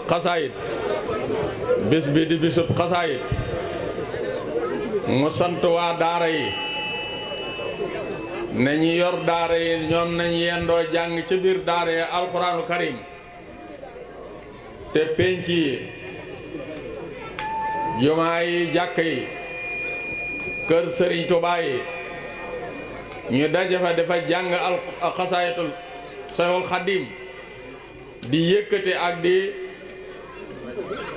xasaayit bis bi di bisub xasaayit mu sant waa daara yi ne ñu yor daara yi ñoom nañ yendoo jàng ci biir daara yi alxuraanu karim te pénc yi jumaa yi jàkk yi kër sëriñ Tuubaa yi ñu daje fa dafa jàng xasaayitul sayxul xadim di yëkkati ak di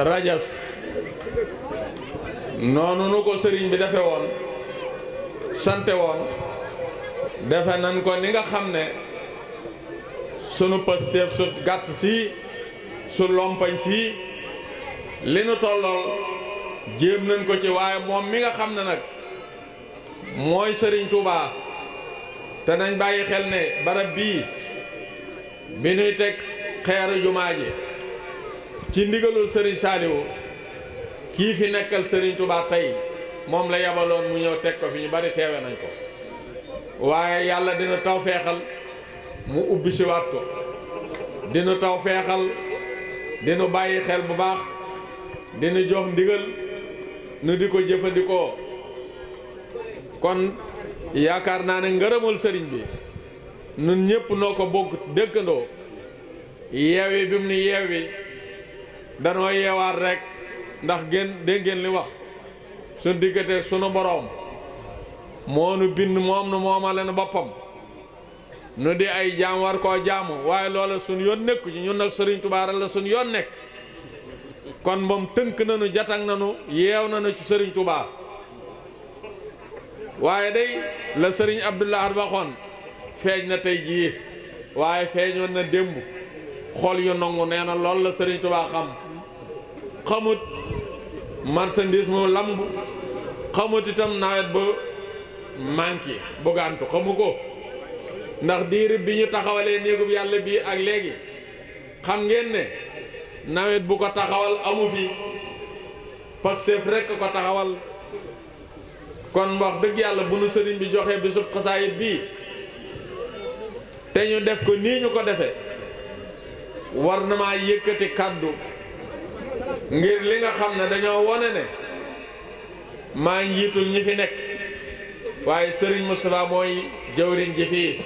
rajas noonu nu ko sëriñ bi defe woon sante woon defe nan ko ni nga xam ne sunu pës seef su gàtt si su lompañ si li nu tollool jéem nañ ko ci waaye moom mi nga xam ne nag mooy sëriñ Touba te nañ bàyyi xel ne barab bii bi nuy teg xeeru jumaa ji ci ndigalul sëriñ Saaliwu kii fi nekkal sëriñ Touba tey moom la yabaloon mu ñëw teg ko fi ñu bari teewe nañ ko waaye yàlla dina taw feexal mu ubbi siwaat ko dina tawfeexal feexal dinu bàyyi xel bu baax dinu jox ndigal nu di ko jëfandikoo kon yaakaar naa ne ngërëmul sëriñ bi nun ñépp noo ko bokk dëkkandoo yeewi bi mu ni yeewi danoo yeewaat rekk ndax gën dégg li wax suñ diggante sunu borom moo nu bind moom nu mooma leen boppam nu di ay jaam war koo jaamu waaye loola suñ yoon nekku ci ñun nag Sëriñ Tuubaa la suñ yoon nekk kon moom tënk nanu jatag nanu yeew nanu ci Sëriñ Tuubaa waaye day la Sëriñ Abdou Lahad feeñ na tey jii waaye feeñoon na démb xol yu nongu nee na lool la Sëriñ Tuubaa xam xamut marchandise moo lamb xamut itam nawet ba manqué bugaantu xamu ko ndax diir bi ñu taxawalee néegub yàlla bii ak léegi xam ngeen ne nawet bu ko taxawal amu fi Pastef rekk ko taxawal kon wax dëgg yàlla bu nu sëriñ bi joxe bisub xasaayit bii te ñu def ko nii ñu ko defe war na maa yëkkati kàddu ngir li nga xam ne dañoo wane ne maa njiitul ñi fi nekk waaye Serigne Moustapha mooy jëwriñ ji fii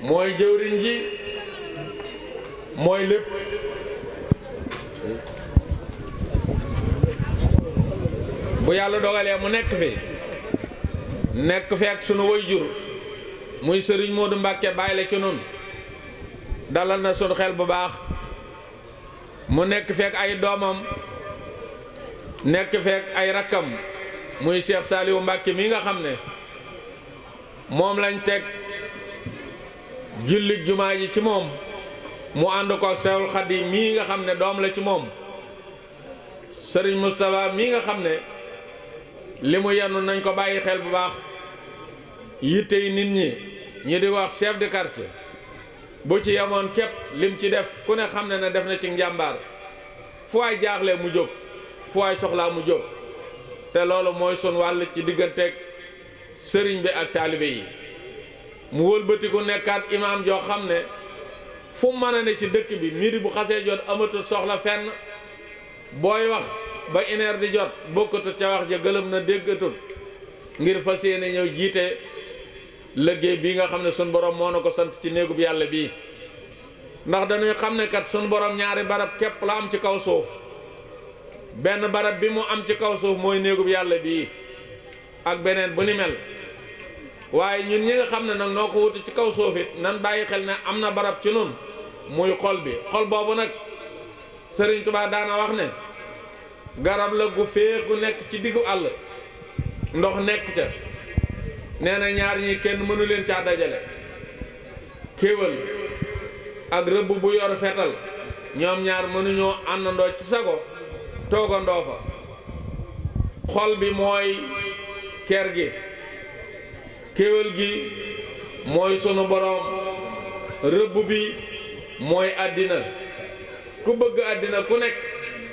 mooy ji mooy lépp bu yàlla dogalee mu nekk fi nekk fi ak sunu wayjur muy Serigne Modou Mbacke bàyyi la ci noonu dalal na sunu xel bu baax mu nekk feek ay doomam nekk feek ay rakkam muy Cheikh Saliou Mbacke mii nga xam ne moom lañ teg jullit jumaa ji ci moom mu ànd ko Seexul Xadiim mii nga xam ne doom la ci moom sëriñ Moustapha mii nga xam ne li mu yenu nañ ko bàyyi xel bu baax yitte yi nit ñi ñu di wax chef de quartier bu ci yemoon képp lim ci def ku ne xam ne na def na ci njàmbaar fu waay jaaxlee mu jóg fu waay soxlaa mu jóg te loolu mooy sun wàll ci digganteeg sëriñ bi ak taalibe yi mu wëlbatiku nekkaat imaam joo xam ne fu mën a ci dëkk bi miir bu xasee jot amatul soxla fenn booy wax ba une di jot bokkatut ca wax ja gëlëm na déggatul ngir fas yéene ñëw jiite liggéey bii nga xam ne sunu borom moo na ko sant ci néegub yàlla bii ndax dañuy xam ne kat sunu boroom ñaari barab képp la am ci kaw suuf benn barab bi mu am ci kaw suuf mooy néegub yàlla bii ak beneen bu ni mel waaye ñun ñi nga xam ne nag noo ko wuti ci kaw suuf it nan bàyyi xel ne am na barab ci nun muy xol bi xol boobu nag Sëriñ Tuubaa daana wax ne garab la gu fee gu nekk ci diggu àll ndox nekk ca nee na ñaar ñi kenn mënu leen caa dajale kéwal ak rëbb bu yor fetal ñoom ñaar mënuñoo àndandoo ci sago toogandoo fa xol bi mooy ker gi kéwal gi mooy sunu boroom rëbb bi mooy àddina ku bëgg àddina ku nekk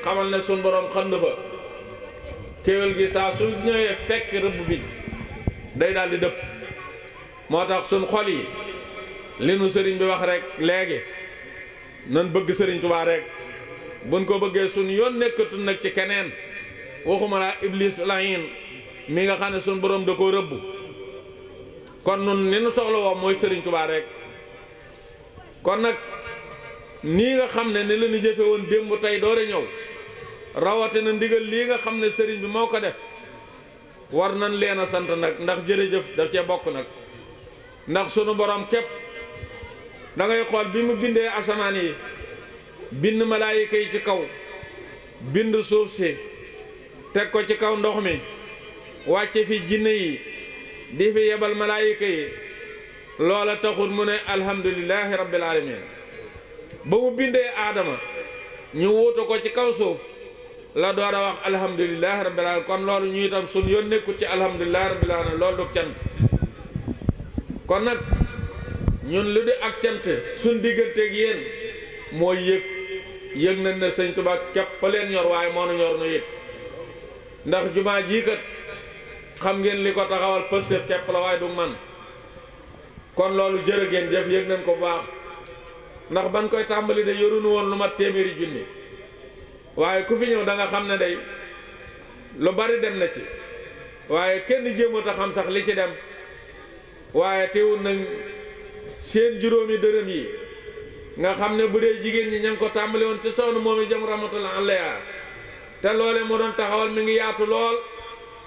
xamal ne sunu boroom xam na fa kéwal gi saa su ñëwee fekk rëbb bi day daal di dëpp moo tax sun xol yi li nu sëriñ bi wax rek léegi nan bëgg sëriñ tubaa rek buñ ko bëggee suñ yoon nekkatul nag ci keneen waxuma laa iblis lahin mi nga xam ne suñ borom da koo rëbb kon nun ni nu soxla woo mooy sëriñ tubaa rek kon nag nii nga xam ne ni la ñu jëfe woon démb tey doore ñëw na ndigal lii nga xam ne sëriñ bi moo ko def war nañ leen a sant nag ndax jërëjëf da cee bokk nag ndax sunu borom képp da xool bi mu bindee asamaan yi bind malaayika yi ci kaw bind suuf si teg ko ci kaw ndox mi wàcce fi jinne yi di fi yebal malaayika yi loola taxul mu ne alhamdulilahi rabbil alamin ba mu bindee aadama ñu wuutu ko ci kaw suuf la door a wax alhamdulilah rabbil kon loolu ñu itam suñ yoon nekkul ci alhamdulilah rabbil alamin loolu du cant kon nag ñun lu di ak cant suñ digganteeg yéen mooy yég yëg nañ ne sëñ Tuubaa képp leen ñor waaye moo na ñor nu yëg ndax jumaa jii kat xam ngeen li ko taxawal pëstef képp la waaye du man kon loolu jërë ngeen jëf nañ ko baax ndax ban koy tàmbali de yorunu woon lu ma téeméeri junni waaye ku fi ñëw da xam ne day lu bari dem na ci waaye kenn jéemut a xam sax li ci dem waaye teewul nañ seen juróomi dërëm yi nga xam ne bu dee jigéen ñi ña ko tàmbali woon ci soxna moom i jëm rahmatullah alayha te loole mu doon taxawal mu ngi yaatu lool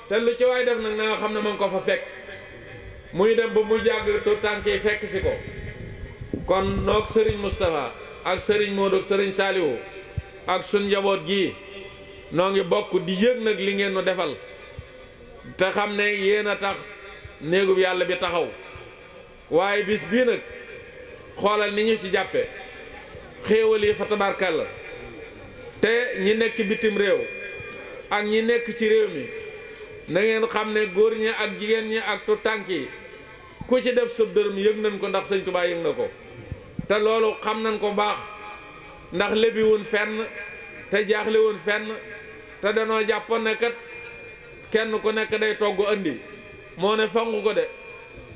te lu ci waay def nag na xam ne moo ngi ko fa fekk muy dem ba mu jàgg tu tànk yi fekk si ko kon noog sëriñ Moustapha ak Serigne Modou sëriñ Serigne ak sun njaboot gi noo ngi bokk di yëg nag li ngeen nu defal te xam ne yéen a tax néegub yàlla bi taxaw waaye bis bii nag xoolal ni ñu ci jàppe xéewal yi fa tabarkàlla te ñi nekk bitim réew ak ñi nekk ci réew mi nangeen xam ne góor ñi ak jigéen ñi ak tu tànk yi ku ci def sëb dërëm yëg nañ ko ndax sëñ Tuubaa yëg na ko te loolu xam nañ ko baax ndax lebiwun fenn te jaaxlewun fenn te danoo jàppoon ne kat kenn ku nekk day togg andi moo ne fangu ko de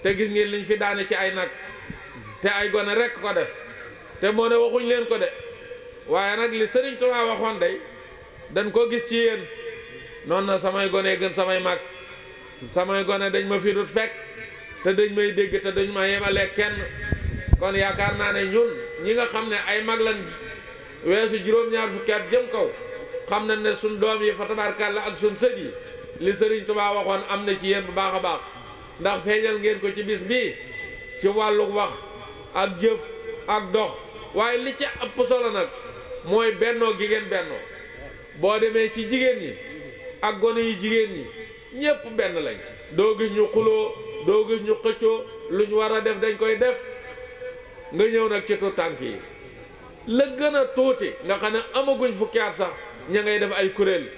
te gis ngeen liñ fi daane ci ay nag te ay gone rekk ko def te moo ne waxuñ leen ko de waaye nag li Sëriñ Tuubaa waxoon day dañ koo gis ci yéen noon na samay gone gën samay mag samay gone dañ ma fi dut fekk te dañ may dégg te dañ ma yemale kenn kon yaakaar naa ne ñun ñi nga xam ne ay mag lan weesu juróom-ñaar fukki at jëm kaw xam na ne suñ doom yi fa tabarkàlla ak suñ sët yi li sëriñ tubaa waxoon am na ci yéen bu baax a baax ndax feeñal ngeen ko ci bis bii ci wàllu wax ak jëf ak dox waaye li ci ëpp nag mooy bennoo gi ngeen bennoo boo demee ci jigéen ñi ak gone yu jigéen ñi ñépp benn lañ doo gis ñu xuloo doo gis ñu xëccoo lu ñu war a def dañ koy def nga ñëw nag ci tur tànk yi la gën a tuuti nga xam ne amaguñ fukki at sax ña ngay def ay kuréel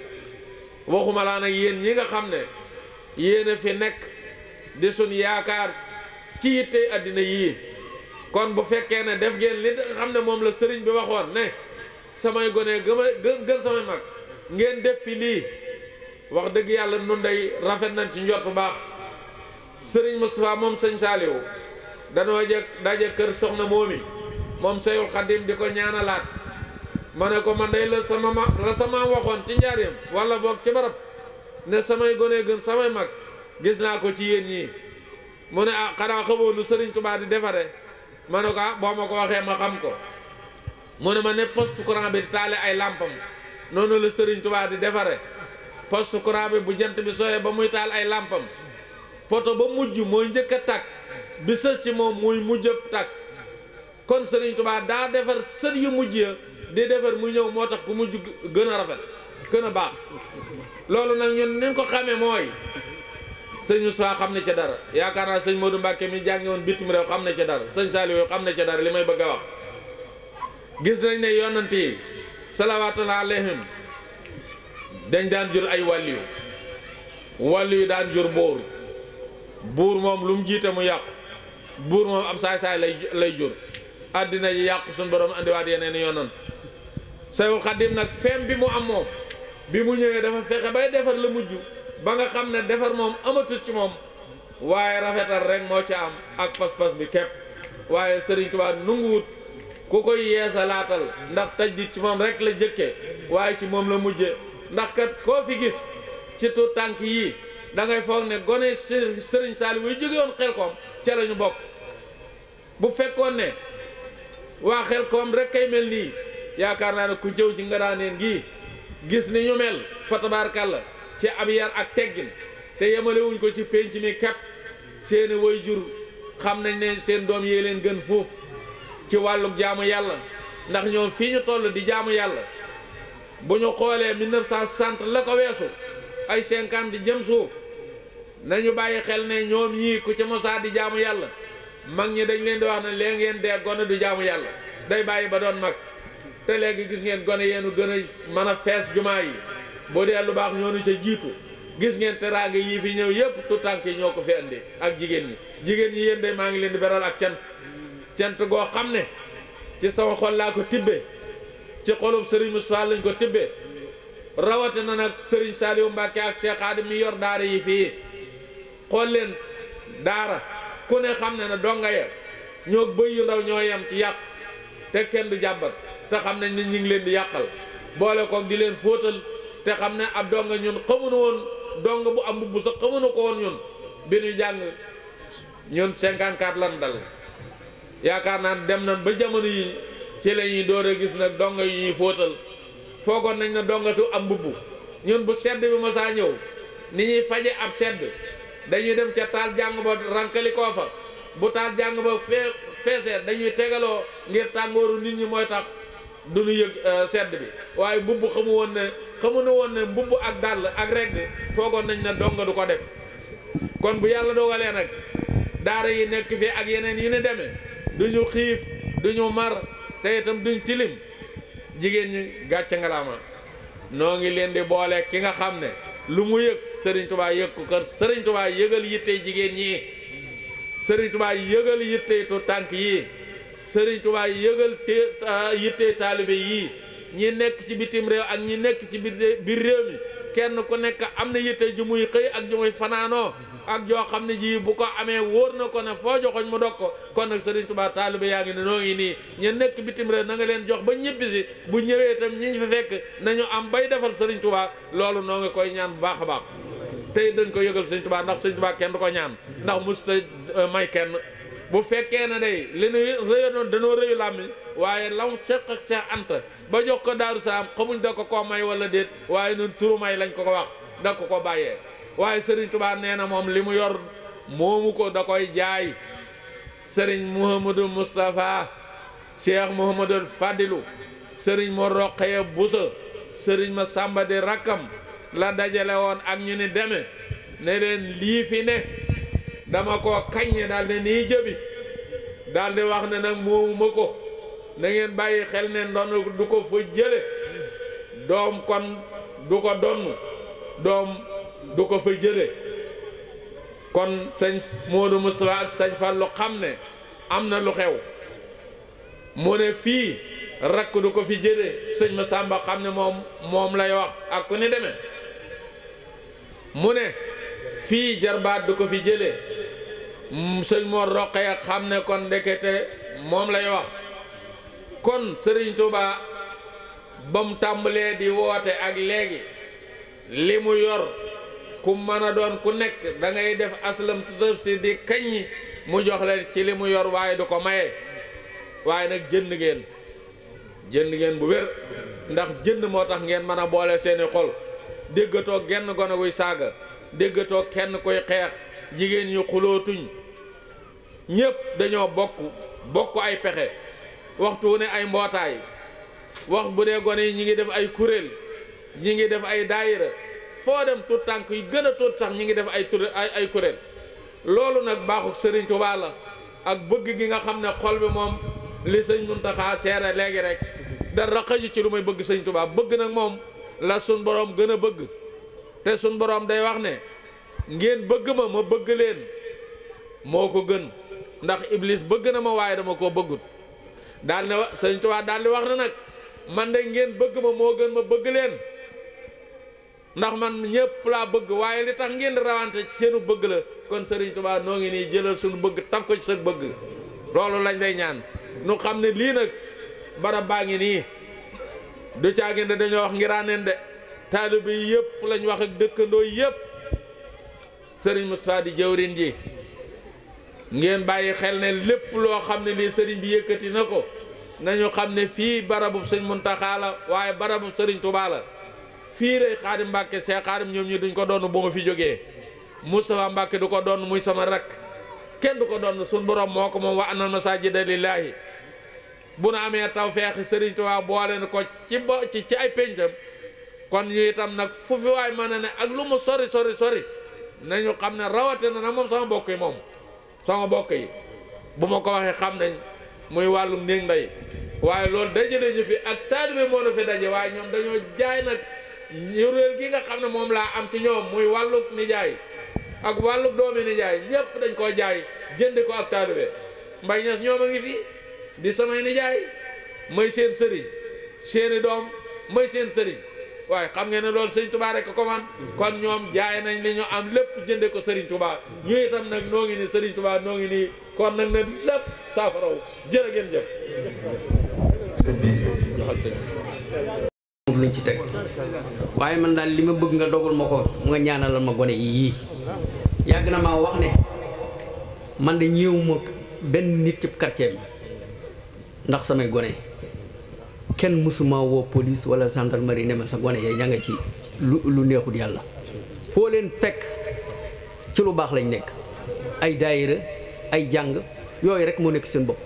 waxuma laa nag yéen ñi nga xam ne yéen a fi nekk di suñ yaakaar ci yitte àddina yii kon bu fekkee ne def ngeen li nga xam ne moom la sëriñ bi waxoon ne samay gone gën gën samay mag ngeen def fi lii wax dëgg yàlla nun day rafet nañ ci njort bu baax sëriñ Moustapha moom sëñ Saliou danoo jëkk daje kër soxna yi moom Seyul Xadim di ko ñaanalaat ma ne ko man day la sama ma la waxoon ci njaareem wala boog ci barab ne samay gone gën samay mag gis naa ko ci yéen ñii mu ne a ah, xanaa xamoo nu Serigne di defare ma ne ko ah boo ma ko waxee ma xam ko mu ne ma ne poste courant bi di taale ay làmpam noonu la Serigne Touba di defare poste courant bi bu jant bi sooyee ba muy taal ay làmpam poto ba mujj mooy njëkk a tàkk bi sës ci moom muy mujj a kon Serigne Touba daa defar sët yu mujj ya di defar mu ñëw moo tax ku mujj gën a rafet gën a baax loolu nag ñun ni ko xamee mooy sëñ Moussa xam ne ca dara yaakaar naa sëñ Modou Mbacke mi jàngi woon bitim réew xam ne ca dara sëñ Saliou xam ne ca dara li may bëgg a wax gis nañ ne yonant yi naa alayhim dañ daan jur ay wàlliyu wàlliyu daan jur buur buur moom lu mu jiite mu yàqu buur moom am saay saay lay lay jur àddina yi yàqu suñ borom andiwaat yeneen yoonam Seexu Xadim nag feem bi mu am moom bi mu ñëwee dafa fexe bay defar la mujj ba nga xam ne defar moom amatul ci moom waaye rafetal rek moo ca am ak pas-pas bi képp waaye Sëriñ Tuubaa nunguwut ku koy yeesalaatal ndax tajdid ci moom rek la jëkke waaye ci moom la mujje ndax kat koo fi gis ci tu tànk yii da ngay foog ne gone Sëriñ Saaliw yu jóge woon xel koom ca lañu bokk bu fekkoon ne waa xel koom rek ay mel nii yaakaar naa ne ku jëw ji nga daaneen gii gis ni ñu mel fa tabaarkàlla ci ab yar ak teggin te yemalewuñ ko ci pénc mi kepp seeni way jur xam nañ ne seen doom yee leen gën fuuf ci wàlluk jaamu yàlla ndax ñoom fii ñu toll di jaamu yàlla bu ñu xoolee 1960 la ko weesu ay 50 di jëm suuf ñu bàyyi xel ne ñoom ñii ku ci mosaa di jaamu yàlla mag ñi dañu leen di wax ne léegi ngeen dee gone du jaamu yàlla day bàyyi ba doon mag te léegi gis ngeen gone yeenu gën a mën a fees jumaa yi boo dee lu baax ñoo ñoonu ca jiitu gis ngeen teraanga yii fi ñëw yëpp tu tànk yi ñoo ko fi andi ak jigéen ñi jigéen ñi yéen day maa ngi leen di beral ak cant cant goo xam ne ci sama xol laa ko tibbee ci xolub Serigne Moustapha lañ ko tibbee rawatina nag Serigne Saliou Mbacke ak Cheikh Adim mi yor daara yi fii xool leen daara ku ne xam ne ne donga ya ñoo bëy yu ndaw ñoo yem ci yàq te kenn du jàmbat te xam ne nit ñi ngi leen di yàqal boole koog di leen fóotal te xam ne ab donga ñun xamuñu woon dong bu am mbubb sax xamuñu ko woon ñun bi ñu jàng ñun 54 lan dal yaakaar naa dem na ba jamono yi ci la ñuy door gis nag dong yu ñuy fóotal foogoon nañ na dongatu am mbubb ñun bu sedd bi ma ñëw ni ñuy faje ab sedd dañuy dem ca taal jàng ba rankalikoo fa bu taal jàng ba fee feesee dañuy tegaloo ngir tàngooru nit ñi mooy tax duñu ñu yëg euh, sedd bi waaye mbubb xamu woon ne xamu na woon ne mbubb ak dàll ak regg foogoon nañ ne dong du ko def kon bu yàlla dogalee nag daara yi nekk fii ak yeneen yi ni demee du ñu xiif du mar te itam duñ tilim jigéen ñi gàcce ngalaama noo ngi leen di boole ki nga xam ne lu mu yëg Serigne Touba yëg ko kër Serigne Touba yëgal yittey jigéen ñi Serigne Touba yëgal yittey tu tànk yi Serigne Touba yëgal te yittey taalibe yi ñi nekk ci bitim réew ak ñi nekk ci biir réew mi kenn ku nekk am na yitte ju muy xëy ak ju muy fanaanoo ak joo xam ne jii bu ko amee wóor na ko ne foo joxoñ mu dog ko kon nag Serigne Touba taalibe yaa ngi ne noo ngi nii ñu nekk bitim réew na leen jox ba ñibbi bu ñëwee itam ñi ñu fa fekk nañu am bay defal sëriñ Touba loolu noo ngi koy ñaan bu baax a baax tey dañ ko yëgal sëñ Tuubaa ndax sëñ Tuubaa kenn du ko ñaan ndax musta euh, may kenn bu fekkee ne day li nu rëyoon dañoo rëyu làmmiñ waaye lam seq ak Cheikh Anta ba jox ko Daaru Salaam xamuñ da ko koo may wala déet waaye nun turu may lañ ko ko wax da ko ko bàyyee waaye sëriñ Tuubaa nee na moom li mu yor moomu ko da koy jaay sëriñ Mouhamadou Moustapha Cheikh Mouhamadou Fadilou sëriñ ma Roqaya Bousso sëriñ ma Sàmba di rakkam la dajale woon ak ñu ni deme ne leen lii fi ne dama ko kaññe daal ne nii jëbi daal wax ne nag moomu ma ko na bàyyi xel ne ndonu du ko fa jële doom kon du ko donn doom du ko fa jële kon sëñ Modou Moustapha ak sëñ Fallou xam ne am na lu xew mu ne fii rakk du ko fi jële sëñ Massamba xam ne moom moom lay wax ak ku ni demee mu ne fii jarbaat du ko fi jëlee mm, sëñ Mor Roqaya xam ne kon ndekete moom lay wax kon sëriñ Touba ba mu tàmbalee di woote ak léegi li mu yor ku mën a doon ku nekk dangay def aslam tutëb si di kaññi mu jox ci li mu yor waaye du ko maye waaye nag jënd ngeen jënd ngeen bu wér ndax jënd moo tax ngeen mën a boole seeni xol. déggatoo genn gone guy saaga déggatoo kenn koy xeex jigéen ñi xulootuñ ñépp dañoo bokk bokk ay pexe waxtu ne ay mbootaay wax bu dee gone yi ñi ngi def ay kuréel ñi ngi def ay daayira foo dem tuut tànk yi gën a tuut sax ñi ngi def ay tur ay ay kuréel loolu nag baaxu Sëriñ Tuubaa la ak bëgg gi nga xam ne xol bi moom li sëñ Muntaxa seere léegi rek da raqaju ci lu may bëgg Sëriñ Tuubaa bëgg nag moom la sun borom gën a bëgg te sun borom day wax ne ngeen bëgg ma ma bëgg leen moo ko gën ndax iblis bëgg na ma waaye dama koo bëggut daal ne sëñ Tuubaa daal di wax na nag man de ngeen bëgg ma moo gën ma bëgg leen ndax man ñëpp laa bëgg waaye li tax ngeen di rawante ci seenu bëgg la kon sëriñ Tuubaa noo ngi nii jëlal suñu bëgg taf ko ci sa bëgg loolu lañ lay ñaan nu xam ne lii nag barab baa ngi nii du caagin de dañoo wax ngiraaneen de taalibe yi yëpp lañ wax ak dëkkandoo yëpp sëriñ Moustapha di jëwrin ji ngeen bàyyi xel ne lépp loo xam ne lii sëriñ bi yëkkati na ko nañu xam ne fii barabu sëñ Muntaxa la waaye barabu sëriñ Tuubaa la fii rek Xaadim Mbàkke Cheikh Xaadim ñoom ñi duñ ko doon bu ma fi jógee Moustapha Mbàkke du ko doon muy sama rakk kenn du ko doon sun borom moo ko moom wa anal masaajida lillaahi bu nu amee tawfeexi Sëriñ Tuubaa boole na ko ci bo ci ci ay péncam kon ñu itam nag fu fi waay mën ne ak lu mu sori sori sori nañu xam ne rawatina na moom sama mbokk yi moom sama mbokk yi bu ma ko waxee xam nañ muy wàllum néeg ndey waaye loolu daje nañu fi ak taalibe moo nu fi daje waaye ñoom dañoo jaay nag ñuréel gi nga xam ne moom laa am ci ñoom muy wàllub nijaay ak wàllub doomi nijaay ñépp dañ koo jaay jënd ko ak taalibe mbay ñas ñoom a ngi fii di samay nijaay mooy seen sëriñ seeni doom may seen sëriñ waaye xam nga ne loolu sëñ Touba rek ko man kon ñoom jaay nañ li ñu am lépp jënde ko sëriñ Touba ñu itam nag noo ngi nii sëriñ Touba noo ngi nii kon nag na lépp saafaraw jërë ngeen jëf luñ ci teg waaye man daal li ma bëgg nga dogul ma ko mu nga ñaanalal ma gone yii yàgg na maa wax ne man de ñëwuma benn nit ci quartier bi ndax samay gone kenn mësuma woo police wala gendarmerie ne ma sa gone yee ña nga ci lu lu neexul yàlla foo leen fekk ci lu baax lañ nekk ay daayira ay jàng yooyu rek moo nekk seen bopp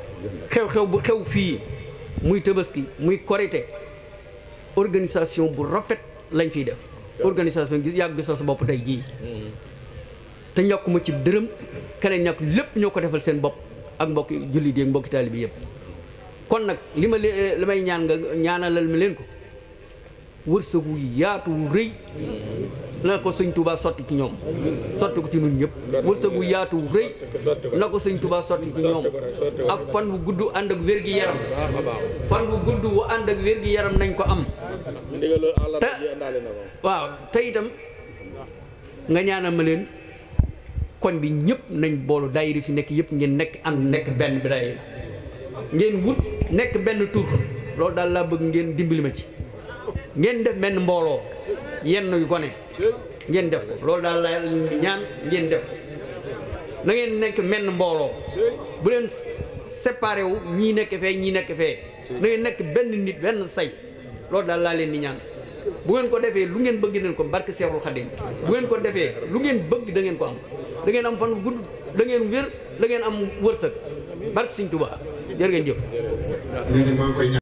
xew-xew bu xew fii muy tabaski muy korite organisation bu rafet lañ fiy def organisation gis yàgg gis sa bopp tey jii te ñàkkuma ci dërëm keneen ñàkk lépp ñoo ko defal seen bopp ak mbokki jullit yi mbokki taalibe bi yëpp kon nag li ma leen li may ñaan nga ñaanalal ma leen ko wërsëg wu yaatu wu rëy na ko sëñ Touba sotti ci ñoom sotti ko ci ñun ñëpp wërsëg wu yaatu wu rëy na ko sëñ tubaa sotti ci ñoom ak fan bu gudd ànd ak wér gi yaram wu ànd ak wér gi yaram nañ ko am te waaw te itam nga ñaanal ma leen koñ bi ñëpp nañ boolu daayira fi nekk yépp ngeen nekk ànd nekk benn bi daayira ngeen wut nekk benn tur loolu daal laa bëgg ngeen dimbali ma ci ngeen def benn mbooloo yenn yu gone ngeen def loolu daal laa ñaan ngeen def na nekk menn mbooloo bu leen séparé ñii nekk fee ñii nekk fee na ngeen nekk benn nit benn say loolu daal laa leen di ñaan bu ngeen ko defee lu ngeen bëgg neen ko barke Seexul Xadim bu ngeen ko defee lu ngeen bëgg dangeen ko am da ngeen am fan gudd da ngeen wér da ngeen am wërsëg barke Sëñ Tuubaa jërë ngeen jëf léegi maa koy ñaan